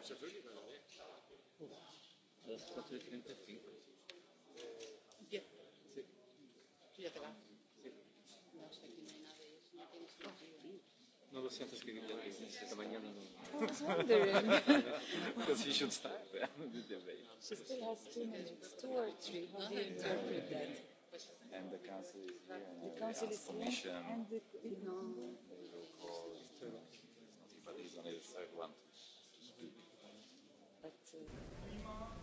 still has two or three. And the council is here. the council is And But third one klima znači,